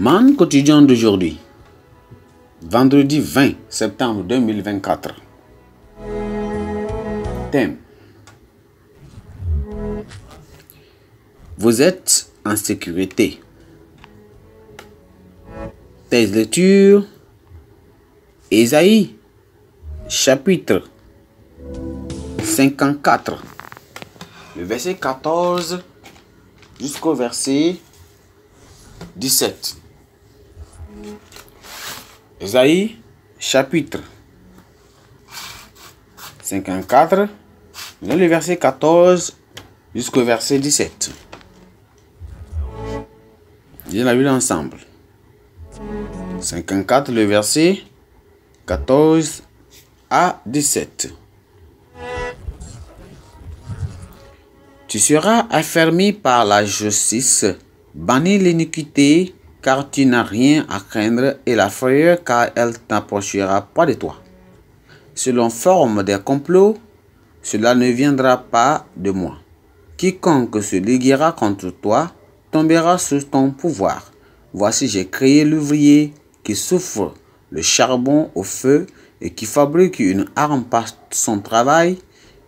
Man quotidien d'aujourd'hui, vendredi 20 septembre 2024. Thème. Vous êtes en sécurité. Thèse lecture. Ésaïe, chapitre 54, le verset 14 jusqu'au verset 17. Isaïe chapitre 54, le verset 14 jusqu'au verset 17. Lisons la Bible ensemble. 54, le verset 14 à 17. Tu seras affermi par la justice, banni l'iniquité car tu n'as rien à craindre, et la frayeur, car elle n'approchera pas de toi. Selon forme des complots, cela ne viendra pas de moi. Quiconque se liguera contre toi tombera sous ton pouvoir. Voici, j'ai créé l'ouvrier qui souffre le charbon au feu et qui fabrique une arme par son travail,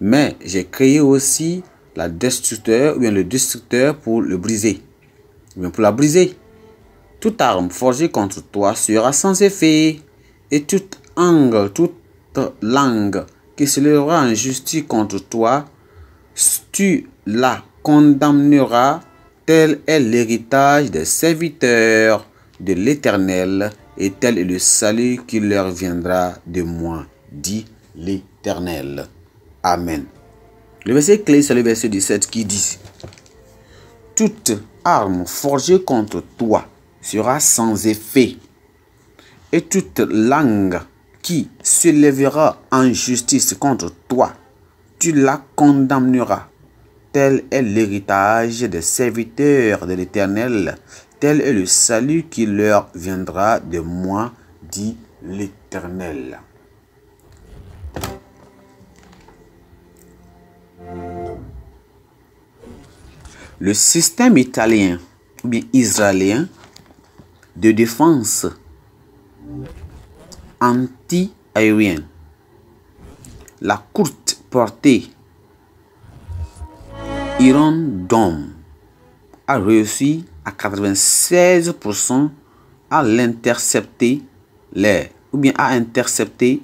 mais j'ai créé aussi la destructeur ou le destructeur pour le briser, pour la briser. Toute arme forgée contre toi sera sans effet, et toute angle, toute langue qui se lèvera en justice contre toi, tu la condamneras, tel est l'héritage des serviteurs de l'Éternel, et tel est le salut qui leur viendra de moi, dit l'Éternel. Amen. Le verset clé, c'est le verset 17 qui dit, Toute arme forgée contre toi sera sans effet. Et toute langue qui se lèvera en justice contre toi, tu la condamneras. Tel est l'héritage des serviteurs de l'Éternel, tel est le salut qui leur viendra de moi, dit l'Éternel. Le système italien israélien de défense anti-aérienne. La courte portée Iran Dome a réussi à 96% à l'intercepter ou bien à intercepter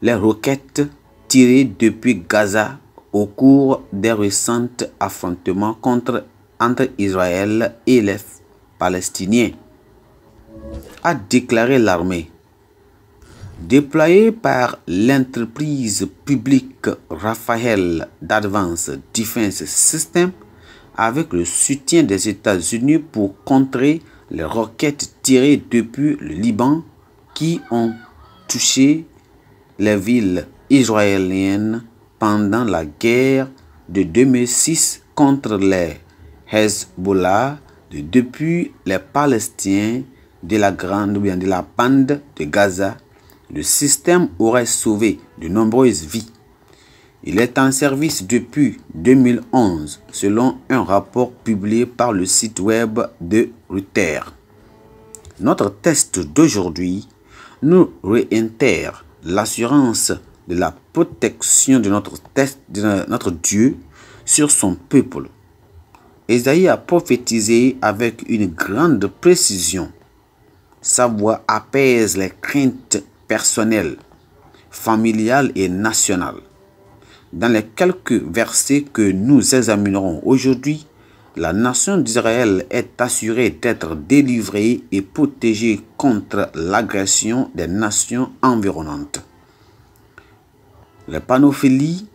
les roquettes tirées depuis Gaza au cours des récents affrontements contre, entre Israël et les Palestiniens a déclaré l'armée, déployée par l'entreprise publique Rafael d'Advance Defense System avec le soutien des États-Unis pour contrer les roquettes tirées depuis le Liban qui ont touché les villes israéliennes pendant la guerre de 2006 contre les Hezbollah depuis les Palestiniens de la grande ou bien de la bande de Gaza, le système aurait sauvé de nombreuses vies. Il est en service depuis 2011, selon un rapport publié par le site web de Reuters. Notre test d'aujourd'hui nous réintègre l'assurance de la protection de notre, test, de notre Dieu sur son peuple. Esaïe a prophétisé avec une grande précision sa voix apaise les craintes personnelles, familiales et nationales. Dans les quelques versets que nous examinerons aujourd'hui, la nation d'Israël est assurée d'être délivrée et protégée contre l'agression des nations environnantes. Les panophilie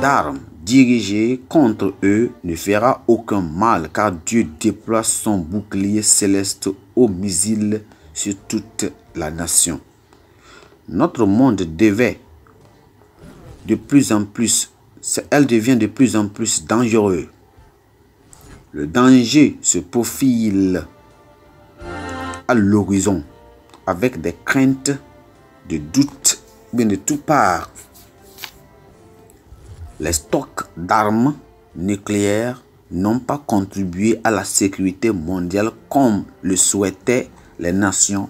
d'armes dirigé contre eux ne fera aucun mal, car Dieu déploie son bouclier céleste au missiles sur toute la nation. Notre monde devait de plus en plus, elle devient de plus en plus dangereux. Le danger se profile à l'horizon avec des craintes, des doutes, mais de tout part les stocks d'armes nucléaires n'ont pas contribué à la sécurité mondiale comme le souhaitaient les nations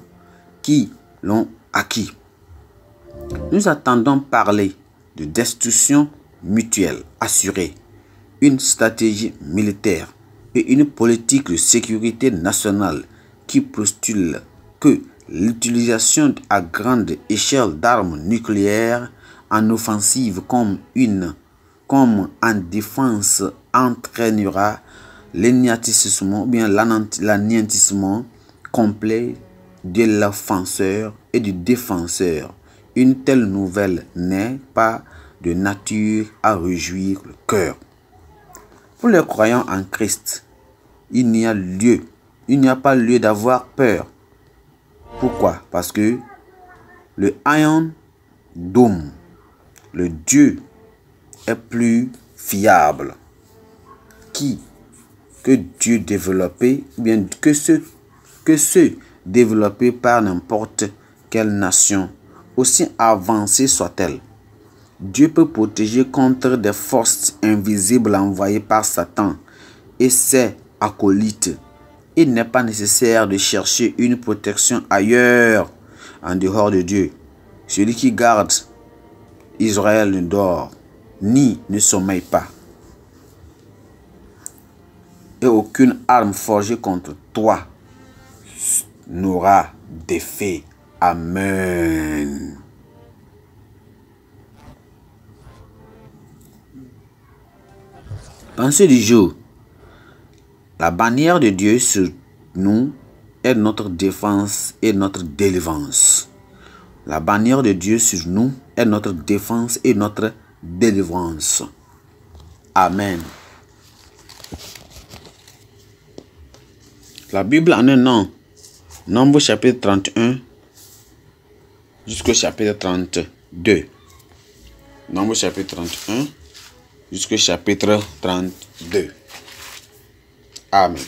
qui l'ont acquis. Nous attendons parler de destruction mutuelle assurée, une stratégie militaire et une politique de sécurité nationale qui postule que l'utilisation à grande échelle d'armes nucléaires en offensive comme une comme en défense entraînera l'anéantissement ou bien l'anéantissement complet de l'offenseur et du défenseur. Une telle nouvelle n'est pas de nature à réjouir le cœur. Pour les croyants en Christ, il n'y a lieu, il n'y a pas lieu d'avoir peur. Pourquoi Parce que le Ion Dome, le Dieu est plus fiable. Qui que Dieu développé, bien que ce que ceux développés par n'importe quelle nation, aussi avancée soit-elle. Dieu peut protéger contre des forces invisibles envoyées par Satan et ses acolytes. Il n'est pas nécessaire de chercher une protection ailleurs, en dehors de Dieu. Celui qui garde Israël ne dort ni ne sommeille pas. Et aucune arme forgée contre toi n'aura d'effet. Amen. Pensée du jour. La bannière de Dieu sur nous est notre défense et notre délivrance. La bannière de Dieu sur nous est notre défense et notre délivrance. Amen. La Bible en un nom. Nombre chapitre 31 jusqu'au chapitre 32. Nombre chapitre 31 jusqu'au chapitre 32. Amen.